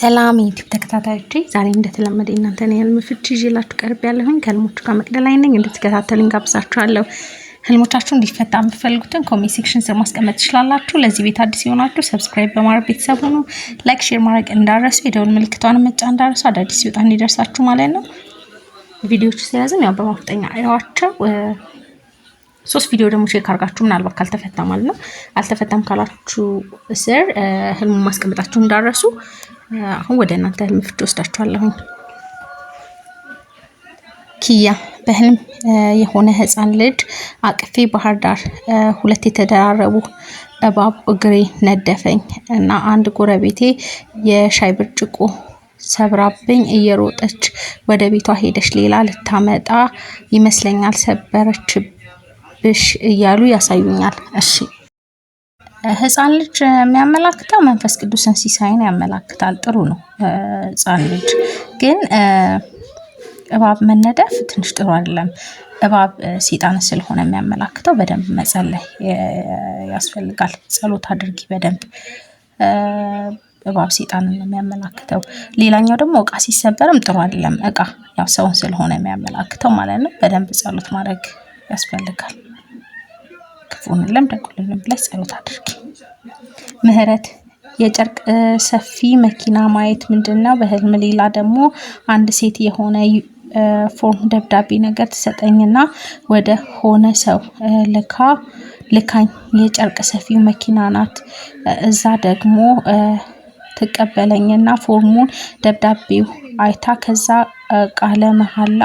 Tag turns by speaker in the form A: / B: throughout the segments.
A: ሰላም የዩቲብ ተከታታዮቼ ዛሬ እንደተለመደ እናንተን የህልም ፍቺ ይዤላችሁ ቀርብ ያለሁኝ ከህልሞቹ ጋር መቅደላይ ነኝ። እንድትከታተሉኝ ጋብዛችኋለሁ። ህልሞቻችሁ እንዲፈታ የምትፈልጉትን ኮሜንት ሴክሽን ስር ማስቀመጥ ትችላላችሁ። ለዚህ ቤት አዲስ የሆናችሁ ሰብስክራይብ በማድረግ ቤተሰብ ሁኑ። ላይክ፣ ሼር ማድረግ እንዳረሱ የደውል ምልክቷን መጫ እንዳረሱ አዳዲስ ሲወጣ እንዲደርሳችሁ ማለት ነው። ቪዲዮቹ ሲያዝም ያው በማፍጠኛ አይዋቸው ሶስት ቪዲዮ ደግሞ ቼክ አርጋችሁ ምናልባት ካልተፈታ ማለት ነው። አልተፈታም ካላችሁ ስር ህልሙን ማስቀመጣችሁ እንዳረሱ አሁን ወደ እናንተ ምፍት ወስዳችኋለሁ። ኪያ በህልም የሆነ ህፃን ልጅ አቅፌ ባህር ዳር ሁለት የተደራረቡ እባብ እግሬ ነደፈኝ እና አንድ ጎረቤቴ የሻይ ብርጭቆ ሰብራብኝ እየሮጠች ወደ ቤቷ ሄደች። ሌላ ልታመጣ ይመስለኛል ሰበረች ብሽ እያሉ ያሳዩኛል። እሺ ህፃን ልጅ የሚያመላክተው መንፈስ ቅዱስን ሲሳይን ያመላክታል። ጥሩ ነው። ህፃን ልጅ ግን እባብ መነደፍ ትንሽ ጥሩ አይደለም። እባብ ሰይጣን ስለሆነ የሚያመላክተው በደንብ መጸለይ ያስፈልጋል። ጸሎት አድርጊ በደንብ። እባብ ሰይጣንን ነው የሚያመላክተው። ሌላኛው ደግሞ እቃ ሲሰበርም ጥሩ አይደለም። እቃ ያው ሰውን ስለሆነ የሚያመላክተው ማለት ነው። በደንብ ጸሎት ማድረግ ያስፈልጋል። ክፉን ለምደጉልንም ላይ ጸሎት አድርጊ። ምህረት የጨርቅ ሰፊ መኪና ማየት ምንድን ነው? በህልም ሌላ ደግሞ አንድ ሴት የሆነ ፎርም ደብዳቤ ነገር ትሰጠኝና ወደ ሆነ ሰው ልካ ልካኝ የጨርቅ ሰፊ መኪና ናት። እዛ ደግሞ ትቀበለኝና ፎርሙን ደብዳቤው አይታ ከዛ ቃለ መሀላ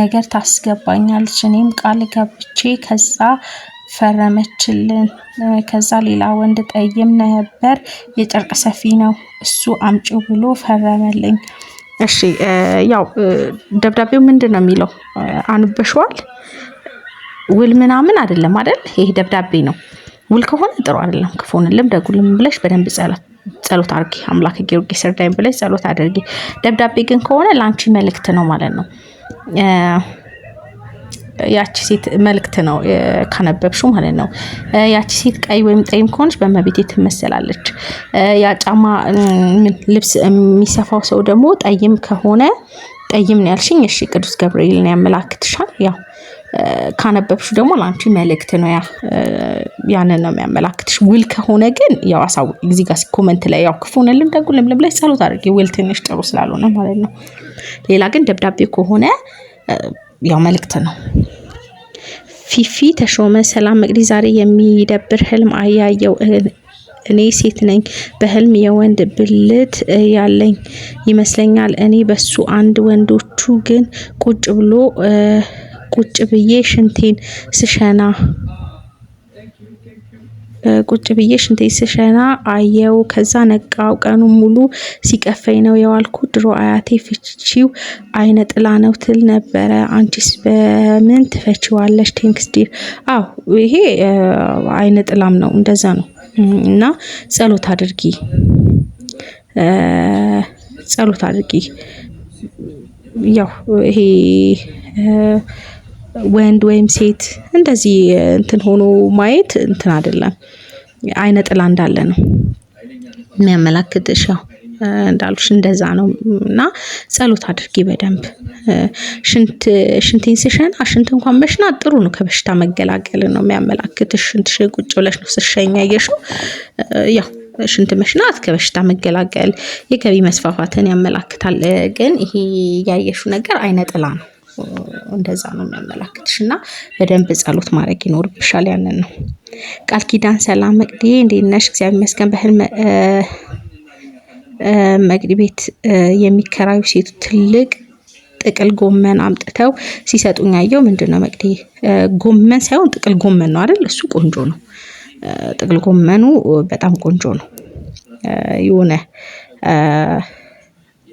A: ነገር ታስገባኛለች። እኔም ቃል ገብቼ ከዛ ፈረመችልን። ከዛ ሌላ ወንድ ጠይም ነበር፣ የጨርቅ ሰፊ ነው እሱ አምጪው ብሎ ፈረመልኝ። እሺ ያው ደብዳቤው ምንድን ነው የሚለው? አንበሸዋል? ውል ምናምን አይደለም አይደል? ይህ ደብዳቤ ነው። ውል ከሆነ ጥሩ አይደለም። ክፉንልም ደጉልም ብለሽ በደንብ ጸሎት አድርጊ። አምላክ ጊዮርጊስ እርዳኝ ብለሽ ጸሎት አድርጊ። ደብዳቤ ግን ከሆነ ለአንቺ መልእክት ነው ማለት ነው። ያቺ ሴት መልእክት ነው ካነበብሽው ማለት ነው። ያቺ ሴት ቀይ ወይም ጠይም ከሆነች በእመቤቴ ትመሰላለች። ያ ጫማ ልብስ የሚሰፋው ሰው ደግሞ ጠይም ከሆነ ጠይም ነው ያልሽኝ። እሺ ቅዱስ ገብርኤል ነው ያመላክትሻል። ያው ካነበብሽ ደግሞ ለአንቺ መልእክት ነው ያ ያንን ነው የሚያመላክትሽ። ውል ከሆነ ግን ያው አሳው ጊዜ ጋር ኮመንት ላይ ያው ክፉ ነልም ደጉ ልምልም ላይ ጸሎት አድርጊ። ውል ትንሽ ጥሩ ስላልሆነ ማለት ነው። ሌላ ግን ደብዳቤ ከሆነ ያው መልእክት ነው። ፊፊ ተሾመ ሰላም መቅዲ ዛሬ የሚደብር ህልም አያየው። እኔ ሴት ነኝ። በህልም የወንድ ብልት ያለኝ ይመስለኛል። እኔ በሱ አንድ ወንዶቹ ግን ቁጭ ብሎ ቁጭ ብዬ ሽንቴን ስሸና ቁጭ ብዬ ሽንቴ ስሸና አየው። ከዛ ነቃው። ቀኑ ሙሉ ሲቀፈኝ ነው የዋልኩ። ድሮ አያቴ ፍቺው አይነ ጥላ ነው ትል ነበረ። አንቺስ በምን ትፈቺዋለሽ? ቴንክስ ዲር። አዎ ይሄ አይነ ጥላም ነው እንደዛ ነው። እና ጸሎት አድርጊ ጸሎት አድርጊ። ያው ይሄ ወንድ ወይም ሴት እንደዚህ እንትን ሆኖ ማየት እንትን አይደለም። አይነ ጥላ እንዳለ ነው የሚያመላክትሽ። ያው እንዳልኩሽ እንደዛ ነው እና ጸሎት አድርጊ በደንብ። ሽንት ሽንቴን ስሸና ሽንት እንኳን መሽናት ጥሩ ነው፣ ከበሽታ መገላገል ነው የሚያመላክትሽ። ሽንትሽ ቁጭ ብለሽ ነው ስሸኛ ያየሽው ያው ሽንት መሽናት ከበሽታ መገላገል የገቢ መስፋፋትን ያመላክታል። ግን ይሄ ያየሽው ነገር አይነ ጥላ ነው። እንደዛ ነው የሚያመላክትሽ እና በደንብ ጸሎት ማድረግ ይኖርብሻል። ያንን ነው። ቃል ኪዳን ሰላም መቅዲ እንዴት ነሽ? እግዚአብሔር ይመስገን። በህልም መቅዲ ቤት የሚከራዩ ሴቱ ትልቅ ጥቅል ጎመን አምጥተው ሲሰጡኝ አየው። ምንድን ነው መቅዲ? ጎመን ሳይሆን ጥቅል ጎመን ነው አይደል? እሱ ቆንጆ ነው። ጥቅል ጎመኑ በጣም ቆንጆ ነው። የሆነ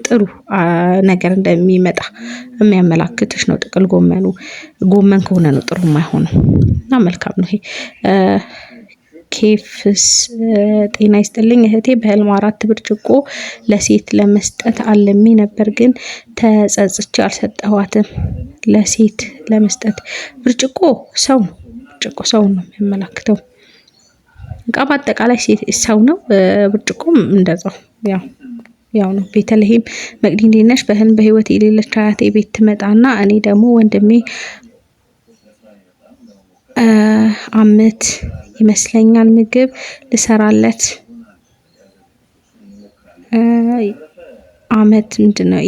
A: ጥሩ ነገር እንደሚመጣ የሚያመላክትሽ ነው። ጥቅል ጎመኑ ጎመን ከሆነ ነው ጥሩ የማይሆነው እና መልካም ነው ይሄ ኬፍስ ጤና ይስጥልኝ እህቴ። በህልም አራት ብርጭቆ ለሴት ለመስጠት አልሜ ነበር፣ ግን ተጸጽቼ አልሰጠኋትም። ለሴት ለመስጠት ብርጭቆ ሰው ነው። ብርጭቆ ሰው ነው የሚያመላክተው። እቃ በአጠቃላይ ሴት ሰው ነው። ብርጭቆም እንደዛው ያው ያው ነው ቤተልሔም መቅዲ እንዴት ነሽ? በህልም በህይወት የሌለች አያቴ ቤት ትመጣና እኔ ደግሞ ወንድሜ አመት ይመስለኛል ምግብ ልሰራለት አመት ምንድን ነው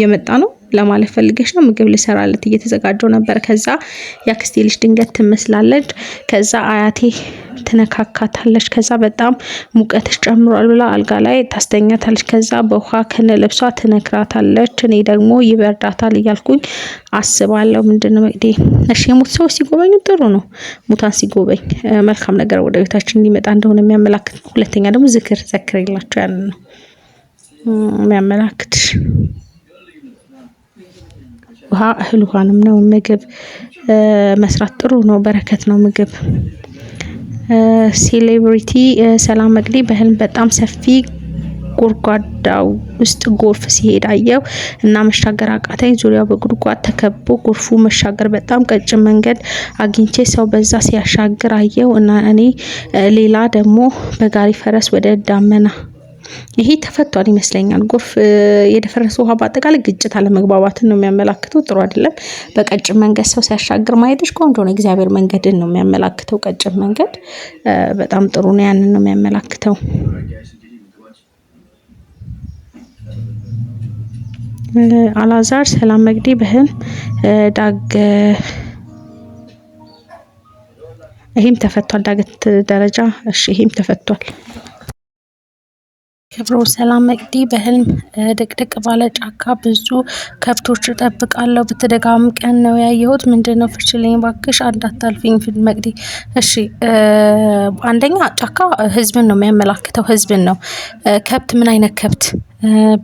A: የመጣ ነው ለማለት ፈልገሽ ነው? ምግብ ልሰራለት እየተዘጋጀው ነበር። ከዛ ያክስቴ ልጅ ድንገት ትመስላለች። ከዛ አያቴ ትነካካታለች። ከዛ በጣም ሙቀትሽ ጨምሯል ብላ አልጋ ላይ ታስተኛታለች። ከዛ በውሃ ከነ ልብሷ ትነክራታለች። እኔ ደግሞ ይበርዳታል እያልኩኝ አስባለሁ። ምንድን ነው እንግዲህ እሺ፣ የሙት ሰው ሲጎበኙ ጥሩ ነው። ሙታን ሲጎበኝ መልካም ነገር ወደ ቤታችን እንዲመጣ እንደሆነ የሚያመላክት ነው። ሁለተኛ ደግሞ ዝክር ዘክር የላቸው ያንን ነው የሚያመላክት ውሃ እህል ውሃንም ነው ምግብ መስራት ጥሩ ነው፣ በረከት ነው ምግብ። ሴሌብሪቲ ሰላም መቅዲ በህልም በጣም ሰፊ ጉድጓዳ ውስጥ ጎርፍ ሲሄድ አየው እና መሻገር አቃተኝ። ዙሪያው በጉድጓድ ተከቦ ጎርፉ መሻገር በጣም ቀጭን መንገድ አግኝቼ ሰው በዛ ሲያሻግር አየው እና እኔ ሌላ ደግሞ በጋሪ ፈረስ ወደ ዳመና ይሄ ተፈቷል ይመስለኛል። ጎርፍ የደፈረሰ ውሃ በአጠቃላይ ግጭት፣ አለመግባባትን ነው የሚያመላክተው። ጥሩ አይደለም። በቀጭን መንገድ ሰው ሲያሻግር ማየትሽ ቆንጆ ነው። እግዚአብሔር መንገድን ነው የሚያመላክተው። ቀጭን መንገድ በጣም ጥሩ ነው። ያንን ነው የሚያመላክተው። አላዛር ሰላም መግዲ በህን ዳግ ይሄም ተፈቷል። ዳገት ደረጃ እሺ፣ ይሄም ተፈቷል። ክብሮ ሰላም መቅዲ በህልም ድቅድቅ ባለ ጫካ ብዙ ከብቶች እጠብቃለሁ። በተደጋጋሚ ቀን ነው ያየሁት። ምንድን ነው ፍችልኝ ባክሽ፣ እንዳታልፊኝ ፊል መቅዲ። እሺ፣ አንደኛ ጫካ ህዝብን ነው የሚያመላክተው፣ ህዝብን ነው። ከብት ምን አይነት ከብት?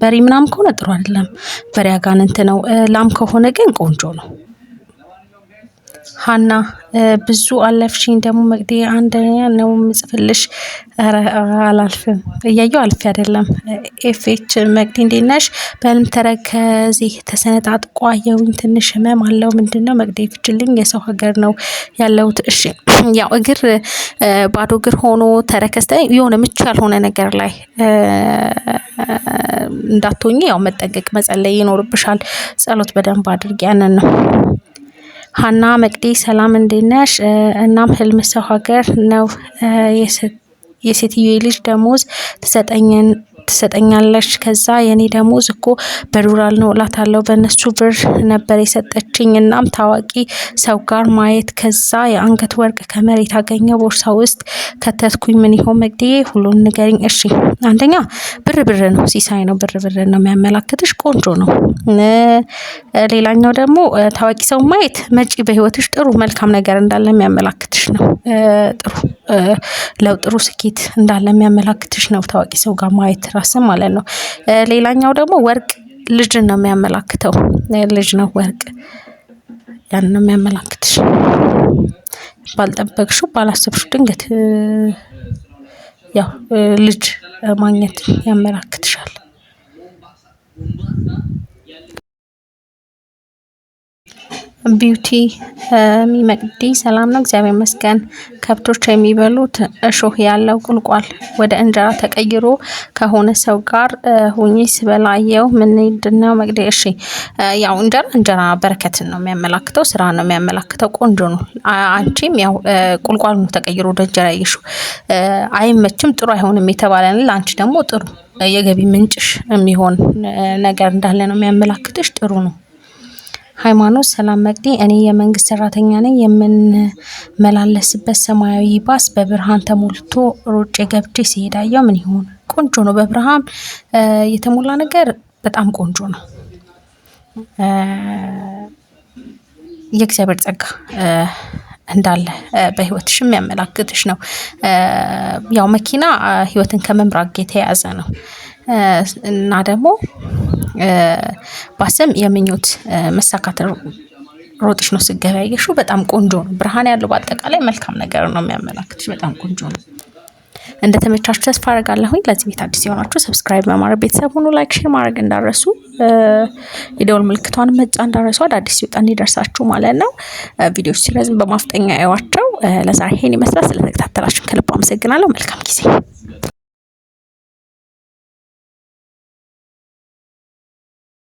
A: በሬ ምናምን ከሆነ ጥሩ አይደለም፣ በሬ አጋንንት ነው። ላም ከሆነ ግን ቆንጆ ነው። ሀና ብዙ አለፍሽኝ። ደግሞ መቅዲ አንደኛ ነው ምጽፍልሽ። አላልፍም እያየው አልፍ አይደለም። ኤፌች መቅዲ እንዴት ነሽ? በህልም ተረከዜ ተሰነጣጥቆ አየሁኝ። ትንሽ ህመም አለው። ምንድን ነው መቅዲ? ፍችልኝ። የሰው ሀገር ነው ያለሁት። እሺ ያው እግር ባዶ እግር ሆኖ ተረከስተ የሆነ ምቹ ያልሆነ ነገር ላይ እንዳትሆኝ ያው መጠንቀቅ መጸለይ ይኖርብሻል። ጸሎት በደንብ አድርጊ። ያንን ነው ሀና መቅዲ ሰላም እንድነሽ። እናም ህልም ሰው ሀገር ነው የሴትዮ ልጅ ደሞዝ ትሰጠኝን ትሰጠኛለች። ከዛ የኔ ደሞዝ እኮ በዶላር ነው እላታለሁ። በእነሱ ብር ነበር የሰጠችኝ። እናም ታዋቂ ሰው ጋር ማየት ከዛ የአንገት ወርቅ ከመሬት አገኘ ቦርሳ ውስጥ ከተትኩኝ። ምን ይሆን መግድዬ? ሁሉን ንገሪኝ። እሺ፣ አንደኛ ብር ብር ነው፣ ሲሳይ ነው፣ ብር ብር ነው የሚያመላክትሽ። ቆንጆ ነው። ሌላኛው ደግሞ ታዋቂ ሰው ማየት መጪ በህይወትሽ ጥሩ መልካም ነገር እንዳለ የሚያመላክትሽ ነው። ጥሩ ለውጥ፣ ጥሩ ስኬት እንዳለ የሚያመላክትሽ ነው ታዋቂ ሰው ጋር ማየት ማሰብ ማለት ነው። ሌላኛው ደግሞ ወርቅ ልጅን ነው የሚያመላክተው ልጅ ነው ወርቅ ያን ነው የሚያመላክትሽ። ባልጠበቅሽው ባላሰብሽው ድንገት ያው ልጅ ማግኘት ያመላክ ቢዩቲ የሚመቅዲ ሰላም ነው፣ እግዚአብሔር ይመስገን። ከብቶች የሚበሉት እሾህ ያለው ቁልቋል ወደ እንጀራ ተቀይሮ ከሆነ ሰው ጋር ሁኚ ስበላየው ምንድነው ነው መቅዲ? እሺ፣ ያው እንጀራ እንጀራ በረከትን ነው የሚያመላክተው፣ ስራ ነው የሚያመላክተው። ቆንጆ ነው። አንቺም ያው ቁልቋል ነው ተቀይሮ ወደ እንጀራ ይሹ አይመችም፣ ጥሩ አይሆንም የተባለ ለአንቺ ደግሞ ጥሩ የገቢ ምንጭሽ የሚሆን ነገር እንዳለ ነው የሚያመላክትሽ። ጥሩ ነው። ሃይማኖት ሰላም መቅዲ እኔ የመንግስት ሰራተኛ ነኝ። የምንመላለስበት ሰማያዊ ባስ በብርሃን ተሞልቶ ሮጬ ገብቼ ሲሄዳየው ምን ይሆን ቆንጆ ነው። በብርሃን የተሞላ ነገር በጣም ቆንጆ ነው። የእግዚአብሔር ጸጋ እንዳለ በህይወትሽ የሚያመላክትሽ ነው። ያው መኪና ህይወትን ከመምራት ጋር የተያያዘ ነው። እና ደግሞ ባስም የምኞት መሳካት ሮጥሽ ነው ስገበያየሹ በጣም ቆንጆ ነው። ብርሃን ያለው በአጠቃላይ መልካም ነገር ነው የሚያመላክትሽ። በጣም ቆንጆ ነው። ተመቻችሁ ተስፋ አደርጋለሁኝ። ለዚህ ቤት አዲስ የሆናችሁ ሰብስክራይብ በማድረግ ቤተሰብ ሁኑ። ላይክ፣ ሼር ማድረግ እንዳረሱ የደውል ምልክቷን መጫ እንዳረሱ አዳዲስ ሲወጣ እንዲደርሳችሁ ማለት ነው። ቪዲዮች ሲረዝም በማፍጠኛ ያዋቸው። ለዛሬ ይሄን ይመስላል። ስለተከታተላችሁ ከልብ አመሰግናለሁ። መልካም ጊዜ